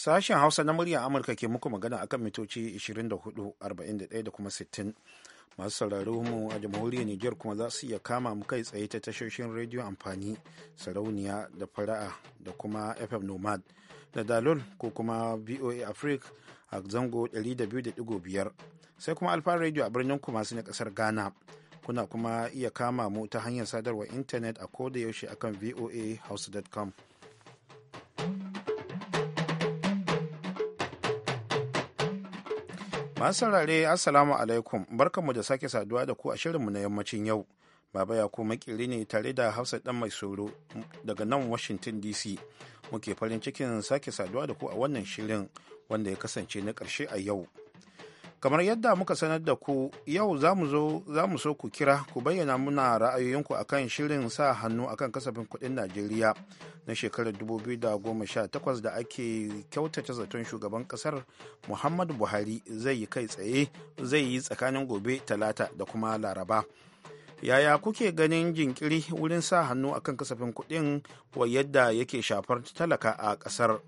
Sashen Hausa na murya Amurka ke muku magana akan mitoci 2441 da kuma 60. masu sauraro mu a jamhuriyar Nijar kuma za su iya kama mu kai tsaye ta tashoshin rediyo amfani sarauniya da fara'a da kuma FM Nomad da Dalol ko kuma VOA Africa a zango 200.5 sai kuma Alfa rediyo a birnin su na kasar Ghana. Kuna kuma iya kama mu ta hanyar sadarwar intanet a da yaushe akan voahausa.com. Masu saurare Assalamu alaikum barkanmu da sake saduwa da ku a shirinmu na yammacin yau. Baba ya ko makiri ne tare da Hafsa ɗan mai soro daga nan Washington DC. Muke farin cikin sake saduwa da ku a wannan shirin wanda ya kasance na ƙarshe a yau. kamar yadda muka sanar da ku yau za mu so ku kira ku bayyana muna ra'ayoyinku akan shirin sa hannu akan kasafin kuɗin najeriya na shekarar 2018 da ake kyautata zaton shugaban ƙasar muhammadu buhari zai yi kai tsaye zai yi tsakanin gobe talata da kuma laraba yaya kuke ganin jinkiri wurin sa hannu akan kasafin kuɗin wa yadda yake shafar talaka a ƙasar.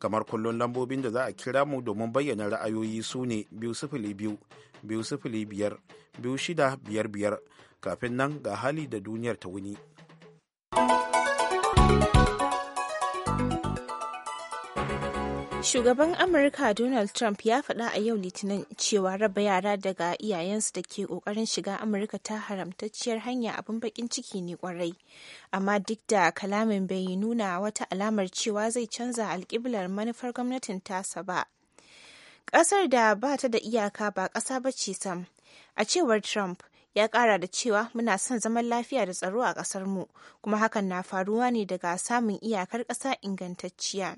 kamar kullum lambobin da za a kira mu domin bayyana ra'ayoyi su ne biyu sifili biyu biyu sifili biyar biyu shida biyar biyar kafin nan ga hali da duniyar ta wuni. Shugaban Amurka Donald Trump ya faɗa a yau Litinin cewa raba yara daga iyayensu da ke ƙoƙarin shiga Amurka ta haramtacciyar hanya abin baƙin ciki ne kwarai Amma duk da kalamin bai nuna wata alamar cewa zai canza alƙiblar manufar gwamnatin tasa ba. Ƙasar da ba ta da iyaka ba ƙasa ba ce sam. A cewar Trump, ya ƙara da cewa muna son zaman lafiya da tsaro a ƙasar mu kuma hakan na faruwa ne daga samun iyakar ƙasa ingantacciya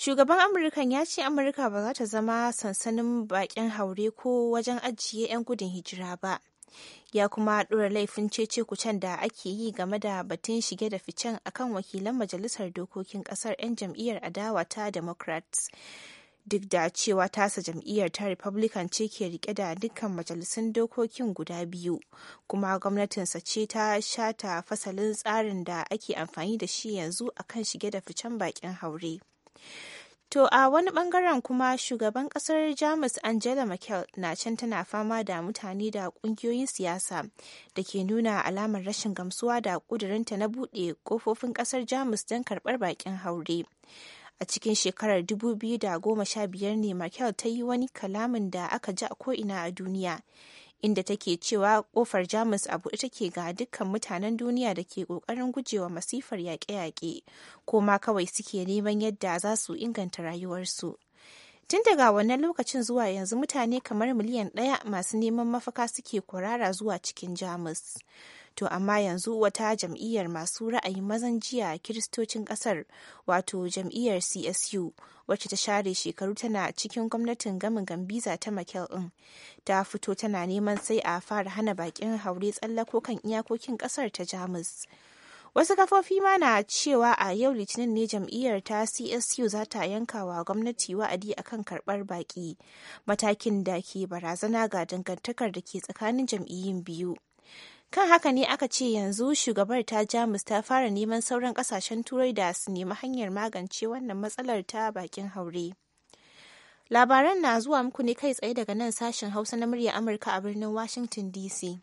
Shugaban Amurkan ya ce Amurka ba za ta zama sansanin bakin haure ko wajen ajiye 'yan gudun hijira ba. ya kuma ɗora laifin cece kucen da ake yi game da batun shige da ficen akan wakilan majalisar dokokin ƙasar 'yan jam'iyyar adawa ta democrats duk da cewa tasa jam'iyyar ta republican ce ke rike da dukkan majalisun dokokin guda biyu kuma gwamnatinsa ce ta shata fasalin tsarin da ake amfani da shi yanzu akan shige da ficen bakin haure To a wani bangaren kuma shugaban kasar Jamus Angela Merkel na can tana fama da mutane da kungiyoyin siyasa da ke nuna alamar rashin gamsuwa da kudurinta na buɗe kofofin kasar Jamus don karɓar bakin haure. A cikin shekarar 2015 ne Merkel ta yi wani kalamin da aka ji a ko'ina a duniya inda take cewa kofar Jamus a buɗe take ga dukkan mutanen duniya da ke ƙoƙarin gujewa masifar yaƙe-yaƙe, ko ma kawai suke neman yadda za su inganta rayuwarsu. Tun daga wannan lokacin zuwa yanzu mutane kamar miliyan ɗaya masu neman mafaka suke kwarara zuwa cikin Jamus. To amma yanzu wata jam'iyyar masu ra'ayin mazan jiya kiristocin ƙasar wato jam'iyyar CSU wacce ta share shekaru tana cikin gwamnatin gamin gambiza ta makel ɗin ta fito tana neman sai a fara hana bakin haure tsallako kan iyakokin kasar ta jamus wasu kafofi ma na cewa a yau litinin ne jam'iyyar ta csu za ta yanka wa gwamnati wa'adi akan karbar baki matakin da ke barazana ga dangantakar da ke tsakanin jam'iyyun biyu kan haka ne aka ce yanzu shugabar ta jamus ta fara neman sauran kasashen turai da su nemi hanyar magance wannan matsalar ta bakin haure labaran na zuwa muku ne kai tsaye daga nan sashen hausa na murya amurka a birnin washington dc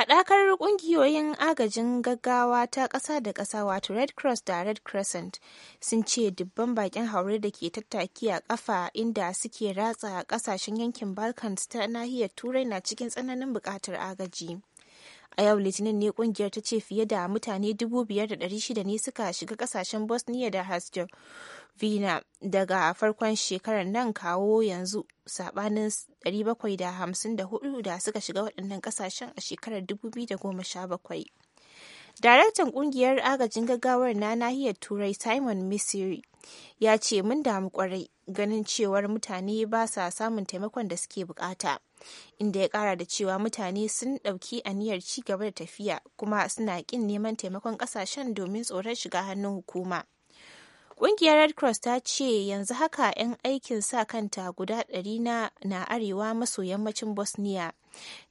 Haɗakar ƙungiyoyin agajin gaggawa ta ƙasa da ƙasa wato Red Cross da Red Crescent sun ce dubban bakin haure da ke tattaki a ƙafa inda suke ratsa ƙasashen yankin Balkans ta nahiyar Turai na cikin tsananin buƙatar agaji. a yau litinin ne ƙungiyar ta ce fiye da mutane 5,600 ne suka shiga ƙasashen bosnia da herzegovina vina daga farkon shekarar nan kawo yanzu sabanin 754 da suka shiga waɗannan ƙasashen a shekarar 2017 daraktan kungiyar agajin gaggawar na nahiyar turai simon misiri ya ce mun damu kwarai ganin cewar mutane ba sa samun taimakon da suke bukata inda ya kara da cewa mutane sun ɗauki aniyar ci gaba da tafiya kuma suna ƙin neman taimakon ƙasashen domin tsoron shiga hannun hukuma Ƙungiyar Red Cross ta ce yanzu haka 'yan aikin sa kanta guda ɗari na arewa maso yammacin Bosnia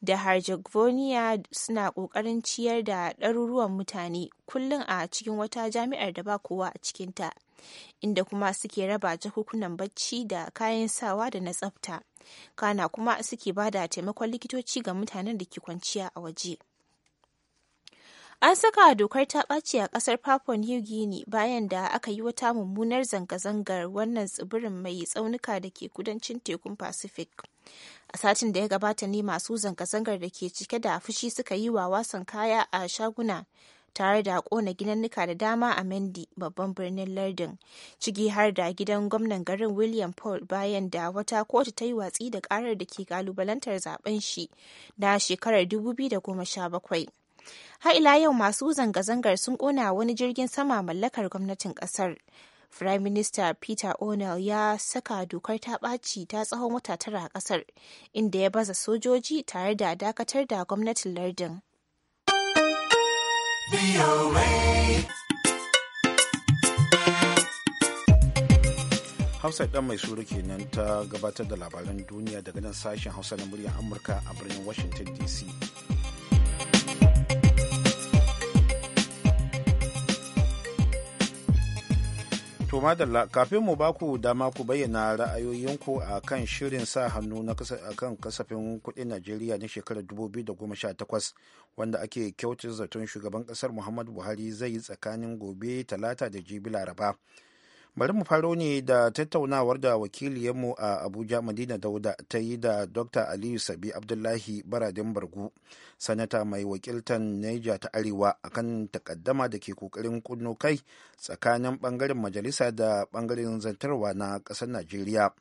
da Herzegovina suna ƙoƙarin ciyar da ɗaruruwan mutane kullum a cikin wata jami'ar da ba kowa a cikinta, inda kuma suke raba jakukunan bacci da kayan sawa da na tsafta, kana kuma suke ba da taimakon likitoci ga mutanen da ke kwanciya a waje. An saka dokar ta ɓaci a ƙasar Papua New Guinea bayan da aka yi wata mummunar zanga-zangar wannan tsibirin mai tsaunuka da ke kudancin tekun Pacific. A satin da ya gabata ne masu zanga-zangar da ke cike da fushi suka yi wa wasan kaya a shaguna tare da kona ginannuka da dama a Mendi babban birnin lardin ciki har da gidan gwamnan garin William Paul bayan da wata kotu ta yi watsi da karar da ke kalubalantar zaben shi da shekarar 2017. Har ila yau masu zanga-zangar sun ƙona wani jirgin sama mallakar gwamnatin ƙasar. Prime Minister Peter O'Neill ya saka dokar ta ɓaci ta tsawon wata tara a ƙasar, inda ya baza sojoji tare da dakatar da gwamnatin lardin. Hausa ɗan mai suru kenan ta gabatar da labaran duniya daga nan sashen Hausa na muryar Amurka a birnin Washington DC. To madalla kafin mu baku dama ku bayyana ra'ayoyinku a kan shirin sa hannu na kan kasafin kudin Najeriya na shekarar 2018 wanda ake kyautar zaton shugaban kasar Muhammadu Buhari zai yi tsakanin gobe talata da jibi laraba. bari mu faro ne da tattaunawar da wakiliyarmu a abuja madina dauda ta yi da dr aliyu sabi abdullahi baradin bargu sanata mai wakiltan niger ta arewa akan takaddama da ke kokarin kunno kai tsakanin bangaren majalisa da bangaren zantarwa na kasar najeriya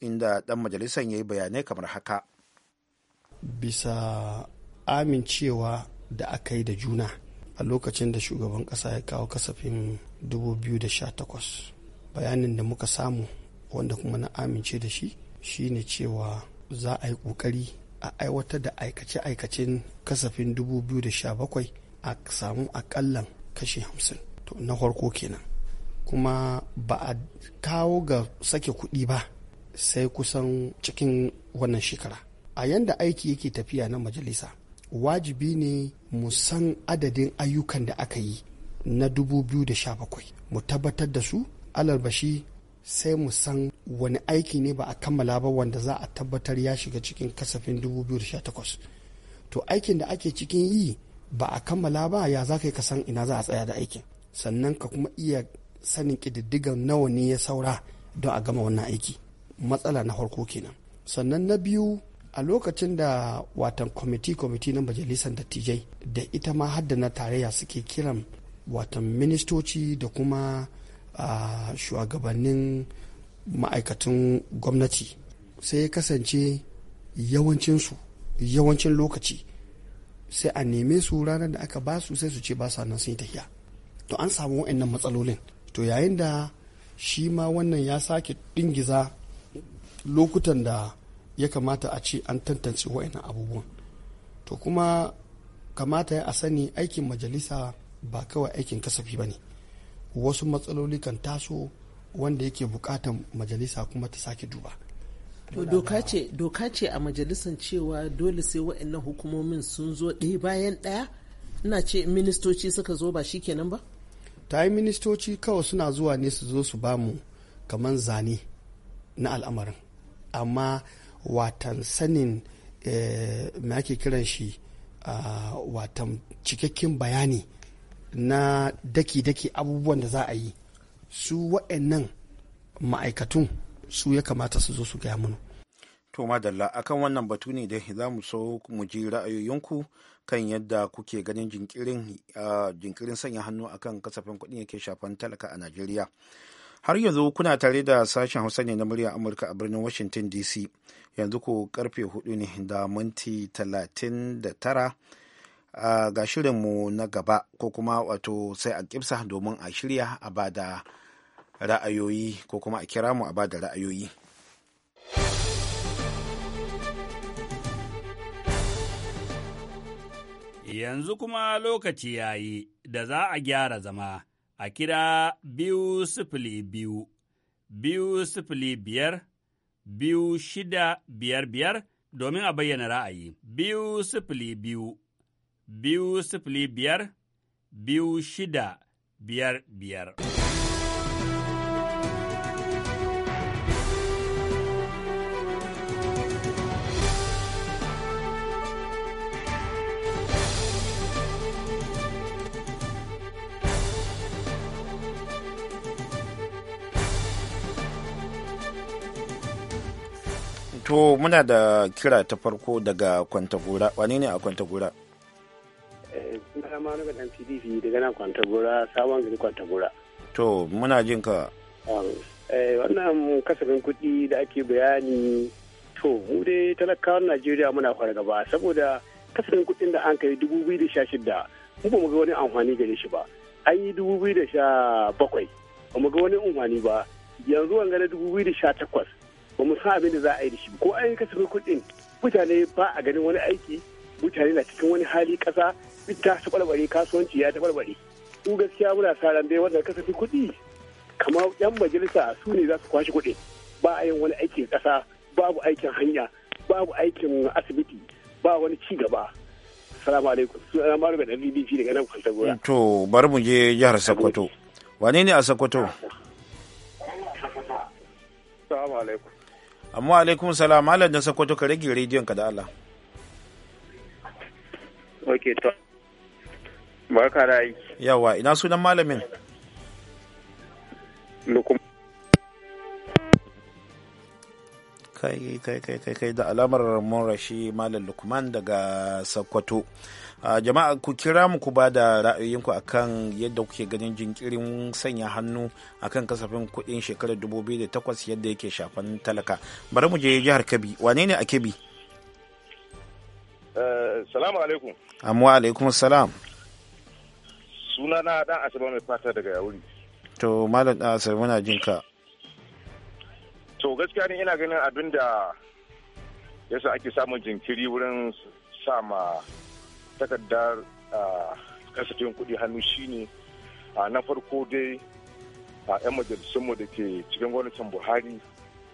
inda dan majalisan ya yi bayanai kamar haka bisa amincewa da aka yi da juna a lokacin da shugaban kasa ya kawo kasafin 2018 bayanin da muka samu wanda kuma na amince da shi shine cewa za a yi ƙoƙari a aiwatar da aikace-aikacen kasafin 2017 a samu akallan kashi 50 to na farko kenan kuma ba a kawo ga sake kuɗi ba sai kusan cikin wannan shekara a yanda aiki yake tafiya na majalisa wajibi ne mu san adadin ayyukan da aka yi na 2017 mu tabbatar da su alalbashi sai mu san wani aiki ne ba a kammala ba wanda za a tabbatar ya shiga cikin kasafin 2018 to aikin da ake cikin yi ba a kammala ba ya za ka san ina za a tsaya da aikin sannan ka kuma iya sanin ƙididdigan nawa ne ya saura don a gama wannan aiki matsala na harko kenan sannan na biyu a lokacin da watan kwamiti kwamiti na majalisar dattijai da ita ma haddana na tarayya suke kiran watan ministoci da kuma a shugabannin ma'aikatan gwamnati sai ya kasance yawancinsu yawancin lokaci sai a neme su ranar da aka ba su sai su ce ba sa nan sun yi tafiya to an samu wa'annan matsalolin to yayin da shi ma wannan ya sake dingiza lokutan da ya kamata a ce an tantance wa'annan abubuwan to kuma kamata ya a sani aikin majalisa ba kawai aikin kasafi ba ne wasu matsaloli kan taso wanda yake bukatan majalisa kuma ta sake duba doka ce a majalisan cewa dole sai waɗannan hukumomin sun zo ɗaya bayan ɗaya ina ce ministoci suka zo ba shi kenan ba ta yi ministoci kawai suna zuwa ne su zo su ba mu kamar zane na al'amarin amma watan sanin eh, me ake kiran shi ah, watan cikakken bayani na daki-daki abubuwan da za a yi su wa'annan ma'aikatun su ya kamata su zo su gaya mana. To madalla akan wannan batu ne dai za mu so mu ji ra'ayoyinku kan yadda kuke ganin jinkirin jinkirin sanya hannu akan kasafin kuɗi yake shafan talaka a Najeriya. Har yanzu kuna tare da sashen Hausa ne na murya Amurka a birnin Washington DC. Yanzu ko karfe hudu ne da minti talatin da tara ga shirinmu na gaba ko kuma wato sai a ƙibsa domin a shirya a bada ra'ayoyi ko kuma a kira mu a bada ra'ayoyi yanzu kuma lokaci ya yi da za a gyara zama a kira biyu sifili biyu biyu sifili biyar biyu shida biyar biyar domin a bayyana ra'ayi biyu sifili biyu biyu sifili biyar biyu shida biyar biyar. To muna da kira ta farko daga kwantagora, wani ne a kwantagura ma nuka dan pdp daga nan kwantagora sabon gari kwantagora to muna jin ka eh, wannan kasafin kuɗi da ake bayani to mu dai talakawan najeriya muna gaba saboda kasafin kuɗin da an kai dubu biyu da sha shida mu ba mu ga wani amfani gare shi ba an yi dubu biyu da sha bakwai ba mu ga wani amfani ba yanzu an gane dubu biyu da sha takwas ba mu san abin da za a yi da shi ko an yi kasafin kuɗin mutane ba a ganin wani aiki mutane na cikin wani hali ƙasa ta taɓarɓare kasuwanci ya taɓarɓare su gaskiya muna sa ran dai wanda kasafi kuɗi kamar yan majalisa su ne za su kwashi kuɗi ba a yin wani aikin ƙasa babu aikin hanya babu aikin asibiti ba wani ci gaba salamu alaikum suna maru da bbc daga nan kwanta gora to bari mu je jihar sokoto wane ne a sokoto salamu alaikum amma alaikum salam malam da sokoto ka rage rediyon ka da allah Okay, to Barka da aiki. Yawa, ina sunan malamin? Lukum. Kai, kai, kai, kai, kai, da alamar mun rashi Malam Lukman daga Sokoto. Uh, jama'a ku kira mu ku ba da ra'ayoyinku akan yadda kuke ganin jinkirin sanya hannu akan kasafin kuɗin shekarar 2008 yadda yake shafan talaka bari mu je jihar kebbi wane ne a kebbi uh, salamu alaikum amma alaikum salam suna na dan asaba mai fata daga yauri to malam dan asaba muna jin ka to gaskiya ne ina ganin abin da yasa ake samun jinkiri wurin sa ma takardar kasafin kudi hannu shine na farko dai a 'yan mu da ke cikin gwamnatin buhari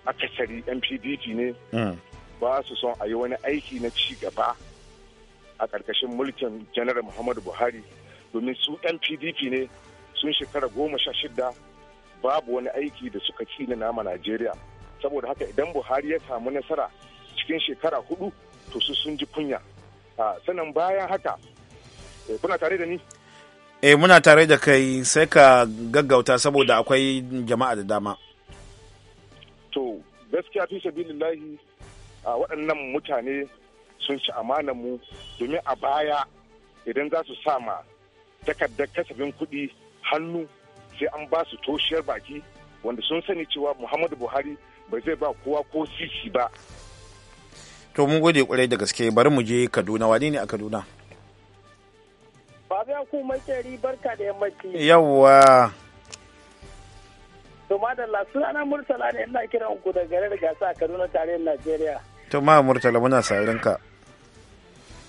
akasari npdp ne mm. ba su son a yi wani aiki na ci gaba a ƙarƙashin mulkin janar muhammadu buhari domin su yan pdp ne sun shekara goma sha shida babu wani aiki da suka ci na nama najeriya saboda haka idan buhari ya samu nasara cikin shekara hudu to su sun ji kunya sannan bayan haka eh, kuna tare da ni e muna tare da kai sai ka gaggauta saboda akwai jama'a da dama to gaskiya fi sabilillahi a waɗannan mutane sun ci amanar mu domin a baya idan za su sama takardar kasafin kuɗi hannu sai an ba su toshiyar baki wanda sun sani cewa muhammadu buhari bai zai ba kowa ko sisi ba to mun gode kwarai da gaske bari mu je kaduna wani ne a kaduna babu ku makeri barka da yammaci yawwa to madalla sunana murtala ne ina kiran ku da garin gasa a kaduna tarayyar najeriya to ma murtala muna sauraron ka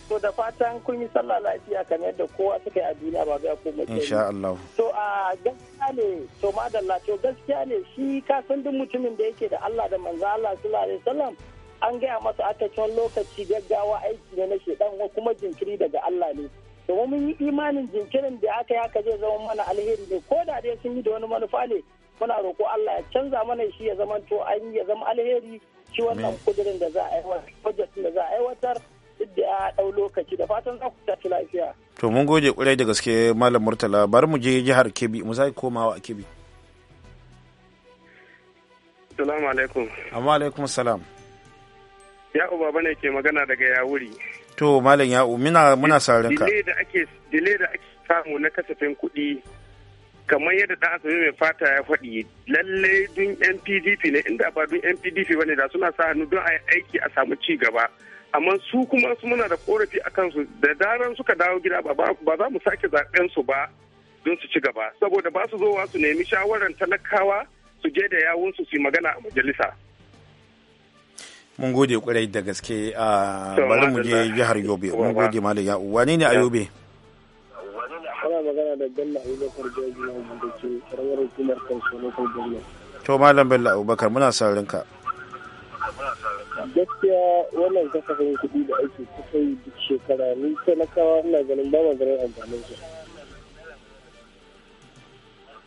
to da fatan kun yi sallah lafiya kan yadda kowa suka yi a duniya ba ga mace insha Allah to a gaskiya ne to madalla to gaskiya ne shi kasan duk mutumin da yake da Allah da manzo Allah sallallahu alaihi wasallam an gaya masa aka can lokaci gaggawa aiki ne na shedan kuma jinkiri daga Allah ne domin mun yi imanin jinkirin da aka yaka zai zama mana alheri ne ko da dai sun yi da wani manufa ne muna roko Allah ya canza mana shi ya zama to an ya zama alheri shi wannan kudirin da za a da za a aiwatar duk da ya ɗau lokaci da fatan za ku tafi lafiya. To mun goje ƙwarai da gaske Malam Murtala bari mu je jihar Kebbi mu sake komawa a Kebbi. Salamu alaikum. Amma alaikum salam. Ya uba bane ke magana daga yawuri. To Malam Ya'u muna muna sarin ka. da ake dile da ake samu na kasafin kuɗi kamar yadda ɗan asibiti mai fata ya faɗi lalle dun NPDP ne inda ba dun NPDP bane da suna sa hannu don a yi aiki a samu ci gaba. amma su kuma su muna da korafi a kansu da daren suka dawo gida ba ba za mu sake zaben su ba don su ci gaba saboda ba su zowa su nemi shawaran talakawa su je da yawun su su magana a majalisa mun gode kwarai da gaske a ah, bari mu je jihar yobe mun gode malam ya wani ne a yobe ana magana da bello abubakar jaji na da ke karamar hukumar kansu local government to malam bello abubakar muna saurin rinka gaskiya wannan kasafin kuɗi da ake kusan duk shekara ni talakawa ina ganin ba ma ganin amfanin su.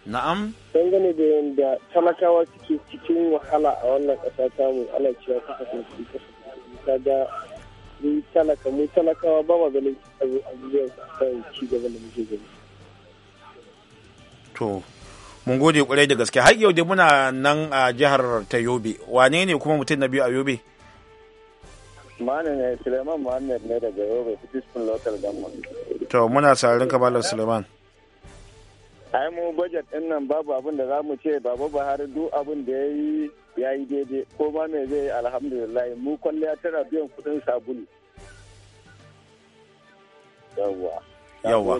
Na'am? gane da yadda talakawa suke cikin wahala a wannan ƙasa tamu ana cewa kasafin kuɗi kasafin kuɗi ta da ni talaka mu talakawa ba ma ganin abubuwan kan ci gaba da muke gani. To, mun gode kwarai da gaske har yau dai muna nan a jihar ta yobe wane ne kuma mutum na biyu a yobe Malam ne Suleiman Muhammad ne daga Yoruba Fitiskun Local Government. To muna sararin ka Malam Suleiman. Ai mu budget din nan babu abin da zamu ce Baba Buhari duk abin da yayi yayi daidai ko ma me zai alhamdulillah mu kwalliya tana biyan kudin sabulu. Yawwa. Yawwa.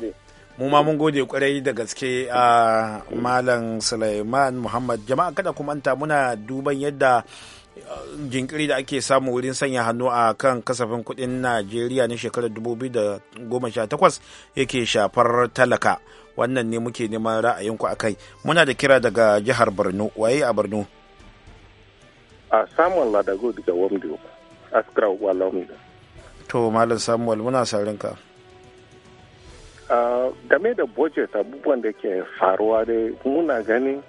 mu ma mun gode kwarai da gaske a malam suleiman muhammad jama'a kada ku manta muna duban yadda jinkiri da ake samu wurin sanya hannu a kan kasafin kudin najeriya na shekarar 2018 yake shafar talaka wannan ne muke neman ra'ayinku a kai muna da kira daga jihar borno waye a borno a ah, samun ladago daga wamdo askra walomida to malam samuel muna saurin ka ah, game da budget abubuwan da ke faruwa dai muna ganin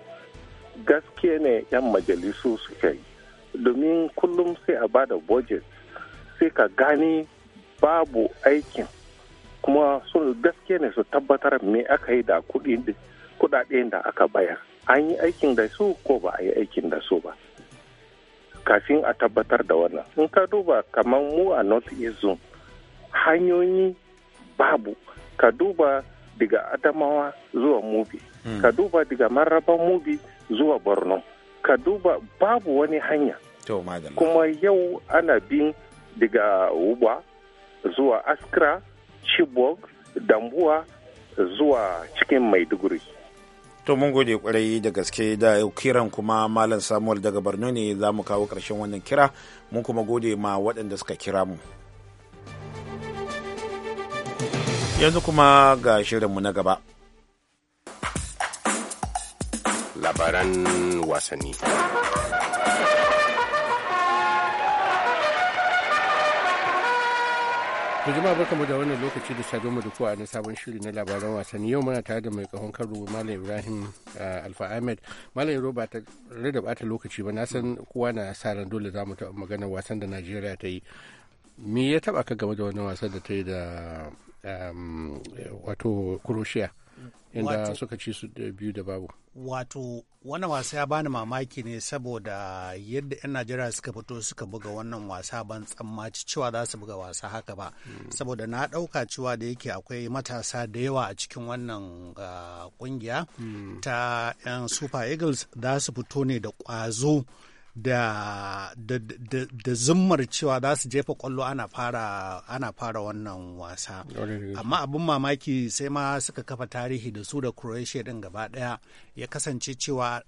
gaske ne 'yan majalisu suke yi domin kullum sai a bada budget sai ka gani babu aikin kuma sun gaske ne su tabbatar me aka yi da kudaden da aka bayar an yi aikin da su ko ba a yi aikin da su ba kafin a tabbatar da wannan in ka duba kamar mu a north east zone hanyoyi babu ka duba daga adamawa zuwa mubi hmm. ka duba daga maraba mubi zuwa borno ka duba babu wani hanya kuma yau ana bin daga uba zuwa askra chibok dambuwa zuwa cikin maiduguri to mun gode kwarai da gaske da kiran kuma malam samuel daga borno ne za mu kawo karshen wannan kira mun kuma gode ma waɗanda suka kira mu yanzu kuma ga shirinmu na gaba labaran wasanni. To jama'a barkamu da wannan lokaci da sadon mu da a na sabon shiri na labaran wasanni yau muna tare da mai kahon karo Malam Ibrahim ah, Alfa Ahmed Malam Ibrahim ba ta ba bata lokaci ba na san kowa na sa ran dole za mu ta magana wasan da Najeriya ta yi me ya taba ka game da wannan wasan da ta yi da ah, mm, wato Croatia inda suka ci su biyu da babu wato wannan wasa ya bani mamaki ne saboda yadda 'yan najeriya suka fito suka buga wannan wasa ban tsammaci cewa za su buga wasa haka ba hmm. saboda na ɗauka cewa da yake akwai matasa da yawa a cikin wannan kungiya ah, hmm. ta 'yan super eagles za su fito ne da ƙwazo da da da zummar cewa za su jefa kwallo ana fara ana fara wannan wasa amma abin mamaki sai ma suka kafa tarihi da su da croatia din gaba daya ya kasance cewa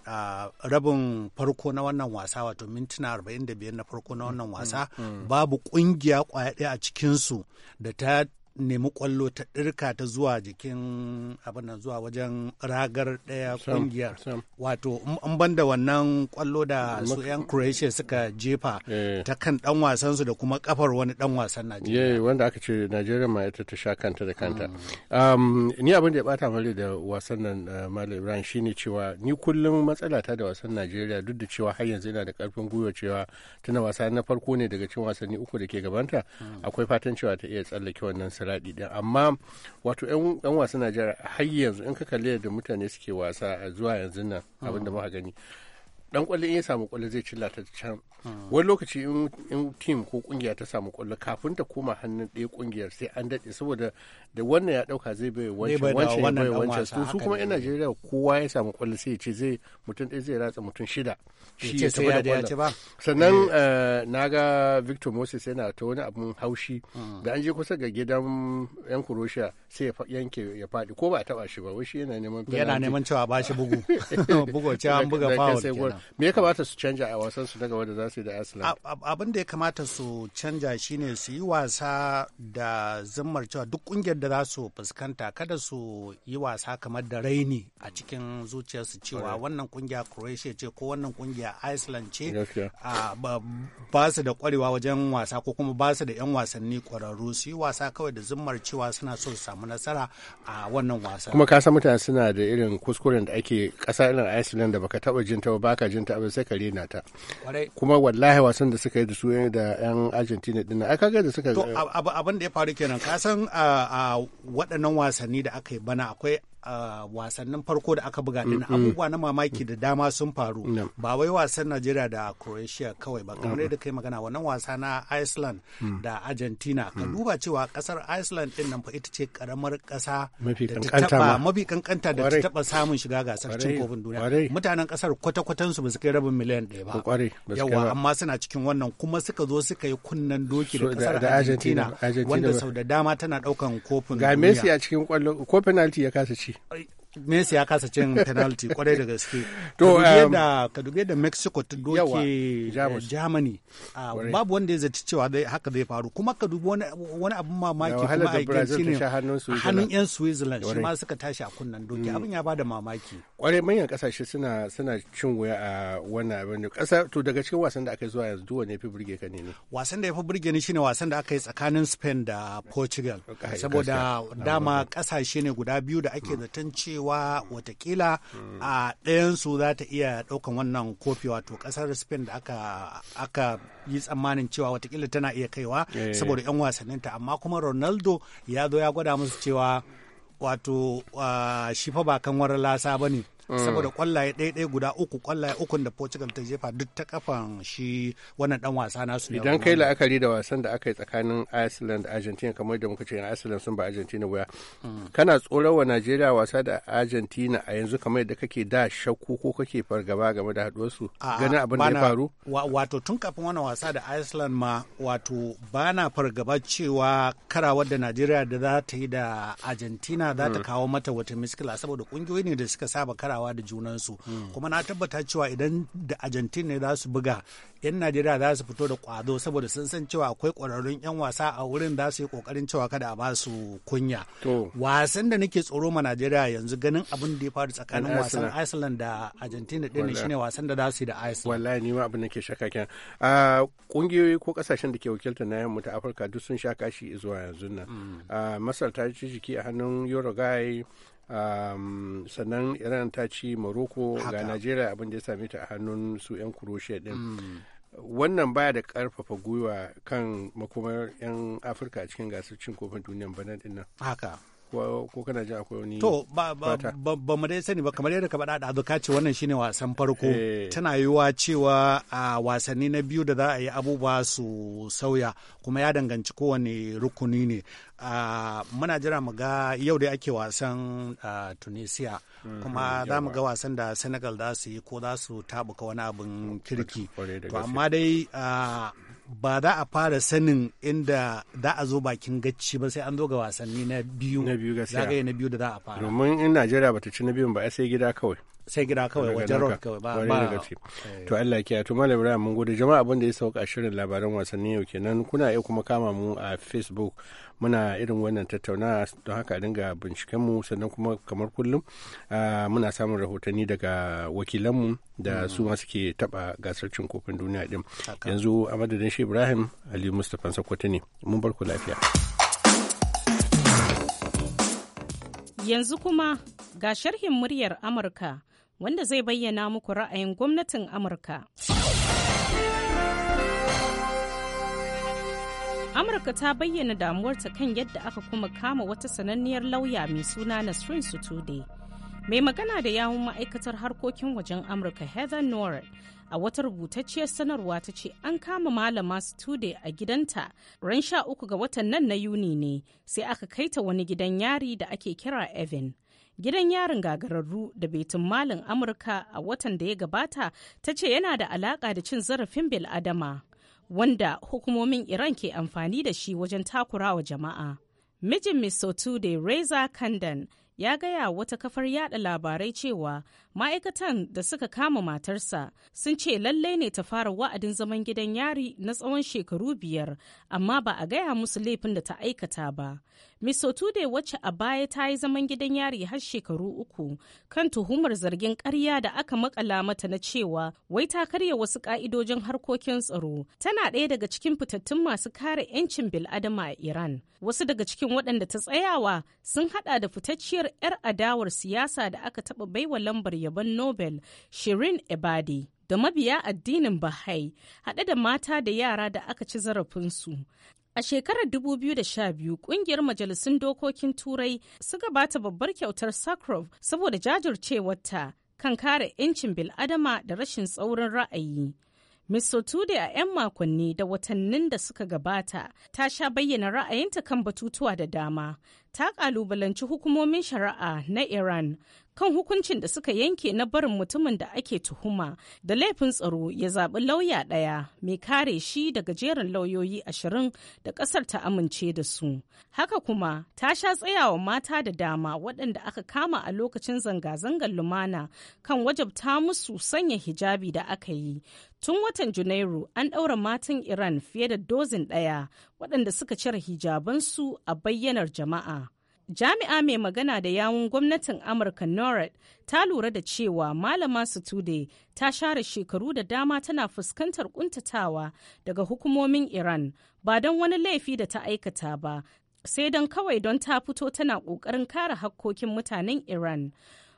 rabin farko na wannan wasa wato mintuna 45 na farko na wannan mm, wasa mm, mm. babu kungiya kwaya daya a cikinsu da ta nemi kwallo ta ɗirka ta zuwa jikin abin zuwa wajen ragar ɗaya kungiyar wato in banda wannan kwallo da su 'yan croatia suka jefa eh. ta kan ɗan wasan su da kuma kafar wani ɗan wasan najeriya wanda aka ce najeriya ma ita ta sha kanta da kanta mm. um, ni abin da ya bata mali da wasan nan uh, mali ibrahim shine cewa ni kullum matsala ta da wasan najeriya duk da cewa har yanzu yana da karfin gwiwa cewa tana wasa na farko ne daga cikin wasanni uku da ke gabanta mm. akwai fatan cewa ta iya tsallake wannan sharaɗi ɗin amma wato 'yan wasan najeriya har yanzu in ka kalli da mutane suke wasa zuwa yanzu nan abin da muka gani dan kwallo in ya samu kwallo zai cilla ta can hmm. wani lokaci in team ko kungiya ta samu kwallo kafin ta koma hannun ɗaya kungiyar sai an daɗe saboda da wannan ya ɗauka zai bai wancan wancan ya bai wancan su su kuma yan Najeriya kowa ya samu kwallo sai ya ce zai mutum ɗaya zai ratsa mutum shida shi ya tafi da kwallo sannan eh. Eh, na ga Victor Moses yana ta wani abun haushi hmm. da an je kusa ga gidan yan Kurosha sai ya yanke ya faɗi ko ba a taɓa shi ba wai shi yana neman yana neman cewa ba shi bugu bugu cewa an buga foul me ya kamata su canja a wasan su daga wanda za su yi da Iceland abin da ya kamata su canja shine su yi wasa da zimmar cewa duk kungiyar da za su fuskanta kada su yi wasa kamar da raini a cikin zuciyarsu cewa wannan kungiya Croatia ce ko wannan kungiya Iceland ce ba su da kwarewa wajen wasa ko kuma ba su da 'yan wasanni kwararru su yi wasa kawai da zimmar cewa suna so su samu nasara a wannan wasa kuma ka san mutane suna da irin kuskuren da ake ƙasa irin Iceland da baka taba jin ta ba ka Argentina abin sai ka rena ta kuma wallahi wasan da suka yi da su eh, da yan Argentina din aka ga da suka to eh, abin da ya faru kenan kasan san a waɗannan wasanni da aka yi bana akwai a wasannin farko da aka buga din abubuwa na mamaki da dama sun faru ba wai wasan Najeriya da Croatia kawai ba kamar da kai magana wannan wasa na Iceland mm. da Argentina ka mm. duba cewa kasar Iceland din nan fa ita ce karamar kasa mafi kankanta da ta taba samun shiga gasar cin kofin duniya mutanen kasar kwata-kwatan su ba su kai rabin miliyan ɗaya ba yawa amma suna cikin wannan kuma suka zo suka yi kunnen doki da kasar Argentina wanda sau da dama tana daukan kofin duniya ga Messi a cikin kwallo ko penalty ya kasa ci I, Messi ya kasa cin penalty kwarai da gaske. To um, ka dubi yadda Mexico ta doke eh, Germany. Ah, babu wanda ya zaci cewa haka zai faru kuma ka dubi wani abin mamaki kuma a yankin ne hannun yan Switzerland shi ma suka tashi a kunnan doki mm. abin ya bada mamaki. Kwarai manyan kasashe suna suna cin wuya a wannan abin kasa to daga cikin wasan da aka yi zuwa yanzu duk wani ya fi burge ka ne ne. Wasan da ya fi burge ni ne wasan da aka yi tsakanin Spain da Portugal saboda dama kasashe ne guda biyu da ake zaton cewa cewa watakila hmm. a ɗayansu za ta iya ɗaukan wannan kofi wato ƙasar spain da aka yi tsammanin cewa watakila tana iya kaiwa eh. saboda 'yan wasanninta amma kuma ronaldo ya zo ya gwada musu cewa wato shi fa ba kan wara lasa ba ne saboda mm. kwallaye ɗaya guda uku kwallaye ukun da Portugal ta jefa duk ta kafan shi wannan dan wasa nasu idan kai la'akari da wasan da aka yi tsakanin Iceland da Argentina kamar da muka ce Iceland sun ba Argentina wuya mm. kana tsoron wa Najeriya wasa da Argentina a yanzu kamar yadda kake da shakku ko kake fargaba game da haɗuwarsu ganin abin da ya faru wato tun kafin wannan wasa da Iceland ma wato bana fargaba cewa karawar da Najeriya da za ta yi da Argentina za ta mm. kawo mata wata miskila saboda kungiyoyi ne da suka saba karawa kulawa da junansu hmm. kuma na tabbata cewa idan da argentina za su buga 'yan najeriya za su fito da kwazo saboda sun san cewa akwai kwararrun 'yan wasa a wurin za su yi kokarin cewa kada a ba su kunya wasan da nake tsoro ma najeriya yanzu ganin abin da ya faru tsakanin wasan iceland da argentina din shine wasan da za su yi da iceland wallahi ni ma abin nake shaka kenan a kungiyoyi ko kasashen da ke wakiltar na yamma ta afirka duk sun sha kashi zuwa yanzu nan hmm. masar ta ci jiki a hannun uruguay sannan iran ta ci Maroko. ga najeriya abin da ya same ta a hannun su 'yan kuroshe din mm. wannan baya da karfafa gwiwa kan makomar 'yan afirka a cikin gasar cin kofin duniyan bana din haka ko kana ji akwai wani to ba ba mu dai sani ba kamar yadda ka faɗa da azuka ce wannan shine wasan farko eh. tana yiwuwa cewa a wasanni na biyu da za a yi abubuwa su sauya kuma ya danganci kowane rukuni ne muna jira mu ga yau da ake wasan tunisia mm-hmm, kuma za mu ga wasan da senegal za su yi ko za su tabuka wani abin kirki to amma dai ba za a fara sanin inda za a zo bakin gacci ba sai an zo ga wasanni na biyu gaskiya na biyu da za a fara domin in Najeriya bata ci na biyun ba sai gida kawai sai gida kawai wajen rock kawai ba ba eh. to Allah ya to malam Ibrahim mun gode jama'a abin da ya sauka shirin labaran wasanni yau kenan kuna iya kuma kama mu a Facebook muna irin wannan tattaunawa don haka dinga binciken mu sannan kuma kamar kullum muna samun rahotanni daga wakilan mu da hmm. su ma suke taba gasar cin kofin duniya din yanzu a madadin shi Ibrahim Ali Mustapha Sokoto ne mun bar ku lafiya yanzu kuma ga sharhin muryar Amurka wanda zai bayyana muku ra'ayin gwamnatin Amurka. Amurka ta bayyana damuwarta kan yadda aka kuma kama wata sananniyar lauya mai suna Nasrin Sutude. Mai magana da yawun ma'aikatar harkokin wajen Amurka Heather Norwood a wata rubutacciyar sanarwa ta ce an kama malama Sutude a gidanta ran sha uku ga watan nan na Yuni ne sai aka kaita wani gidan yari da ake kira Evan. gidan yarin gagararru da betin malin amurka a watan da ya gabata ta ce yana da alaka da cin zarafin bil'adama wanda hukumomin iran ke amfani da shi wajen takurawa jama'a mijin Tude reza kandan ya gaya wata kafar yada labarai cewa ma'aikatan da suka kama matarsa sun ce lallai ne ta fara wa'adin zaman gidan yari na tsawon shekaru biyar amma ba a gaya musu laifin da ta aikata ba miss Otude wacce a baya ta yi zaman gidan yari har shekaru uku kan tuhumar zargin ƙarya da aka makala mata na cewa wai ta karya wasu ƙa'idojin harkokin tsaro. Tana ɗaya daga cikin fitattun masu kare 'yancin bil'adama a Iran. Wasu daga cikin waɗanda ta tsayawa sun haɗa da fitacciyar 'yar adawar siyasa da aka taɓa baiwa lambar yabon Nobel Shirin Ebadi. da mabiya addinin Bahai haɗe da mata da yara da aka ci zarafinsu. A shekarar 2012 kungiyar majalisun dokokin Turai su gabata babbar kyautar Sakharov saboda jajircewarta kan kare 'yancin bil'adama da rashin tsaurin ra'ayi. Mr Sotude a 'yan makonni da watannin da suka gabata ta sha bayyana ra'ayinta kan batutuwa da dama. Ta kalubalanci hukumomin shari'a na Iran kan hukuncin da suka yanke na barin mutumin da ake tuhuma da laifin tsaro ya zaɓi lauya ɗaya mai kare shi daga jerin lauyoyi ashirin da ƙasar ta amince da su. Haka kuma ta sha tsayawa mata da dama waɗanda aka kama a lokacin zanga-zangar lumana kan wajabta musu sanya hijabi da aka yi. Tun watan Janairu an ɗaura matan Iran fiye da dozin ɗaya waɗanda suka cire hijabansu a bayyanar jama'a. Jami'a mai magana da yawun gwamnatin Amurka NORAD ta lura da cewa Malama Sutude ta share shekaru da dama tana fuskantar kuntatawa daga hukumomin Iran ba don wani laifi da ta aikata ba, sai don kawai don ta fito tana kokarin kare hakkokin mutanen Iran.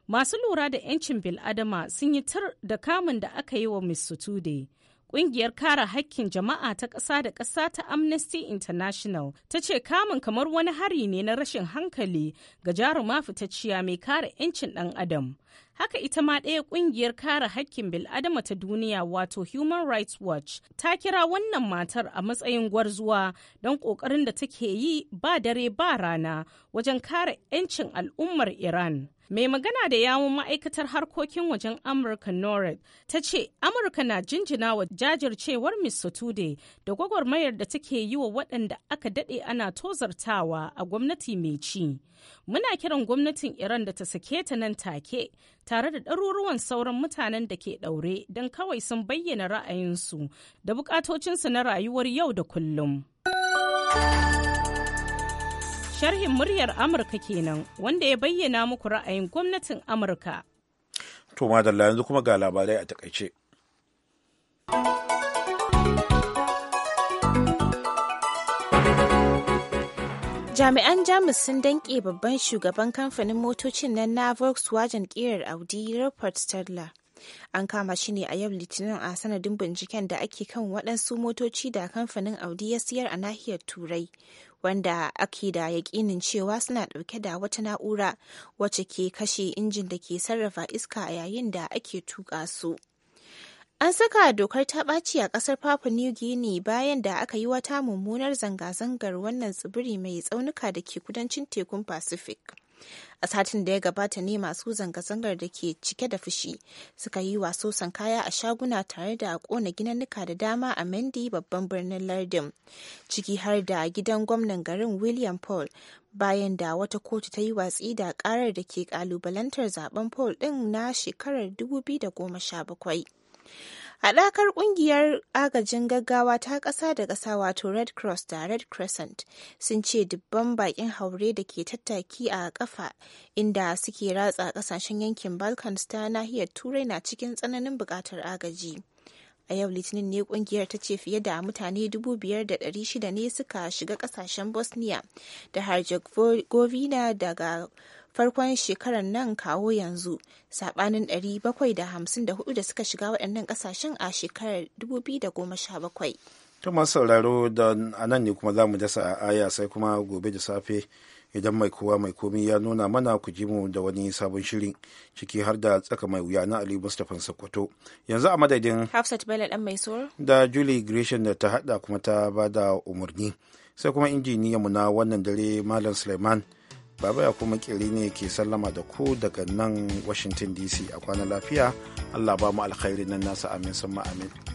Masu lura da 'yancin bil'adama sun yi tar da kamun da aka yi wa Miss Sutude. Ƙungiyar kare hakkin jama'a ta ƙasa da ƙasa ta Amnesty International ta ce kamun kamar wani hari ne na rashin hankali ga jaruma fitacciya mai kare 'yancin ɗan adam. Haka ita ma ɗaya ƙungiyar kare hakkin bil'adama ta duniya wato Human Rights Watch ta kira wannan matar a matsayin gwarzuwa don ƙoƙarin da take yi ba dare ba rana wajen kare 'yancin al'ummar Iran. Mai magana da yawun ma'aikatar harkokin wajen Amurka Norad ta ce Amurka na jinjina wa jajircewar Mr. Sotude da gwagwarmayar da take yi wa waɗanda aka daɗe ana tozartawa a gwamnati mai ci. Muna kiran gwamnatin Iran da ta sake ta nan take tare da ɗaruruwan sauran mutanen da ke ɗaure don kawai sun bayyana ra'ayinsu da bukatocinsu na rayuwar yau da kullum. Sharhin muryar Amurka kenan wanda ya bayyana muku ra'ayin gwamnatin Amurka. To madalla yanzu kuma ga labarai a takaice. Jami'an Jamus sun danƙe babban shugaban kamfanin motocin nan na Volkswagen ƙirar Audi Rupert Stadler. An kama shi ne a yau Litinin a sanadin binciken da ake kan waɗansu motoci da kamfanin Audi ya siyar a nahiyar Turai, wanda ake da yaƙinin cewa suna ɗauke da wata na'ura wacce ke kashe injin da ke sarrafa iska a yayin da ake tuka su. An saka dokar ta ɓaci a ƙasar Papua New Guinea bayan da aka yi wata mummunar zanga-zangar wannan tsibiri mai tsaunuka da ke kudancin tekun Pacific. a satin da ya gabata ne masu zanga-zangar da ke cike da fushi suka yi wasosan kaya a shaguna tare da a kona ginannuka da dama a mendi babban birnin lardin ciki har da gidan gwamnan garin william paul bayan da wata kotu ta yi watsi da karar da ke kalubalantar zaben paul din na shekarar 2017 Haɗakar ƙungiyar agajin gaggawa ta ƙasa da ƙasa wato Red Cross da Red Crescent sun ce dubban baƙin haure da ke tattaki a ƙafa inda suke ratsa ƙasashen yankin Balkans ta nahiyar Turai na cikin tsananin bukatar agaji. A yau Litinin ne kungiyar ta ce fiye da mutane 5,600 ne suka shiga ƙasashen Bosnia da Herzegovina daga farkon shekarar nan kawo yanzu sabanin 754 da suka shiga waɗannan ƙasashen a shekarar 2017. ta masu sauraro da a nan ne kuma za mu dasa a aya sai kuma gobe da safe idan mai kowa mai komi ya nuna mana ku ji mu da wani sabon shirin ciki har da tsaka mai wuya na ali mustapha sokoto yanzu a madadin hafsat bello dan mai sor da julie gresham da ta hada kuma ta bada umarni sai kuma injiniyanmu na wannan dare malam suleiman baba ya kuma kiri ne ke sallama da ku daga nan washington dc a kwana lafiya allah ba mu alkhairi nan nasa amin sun amin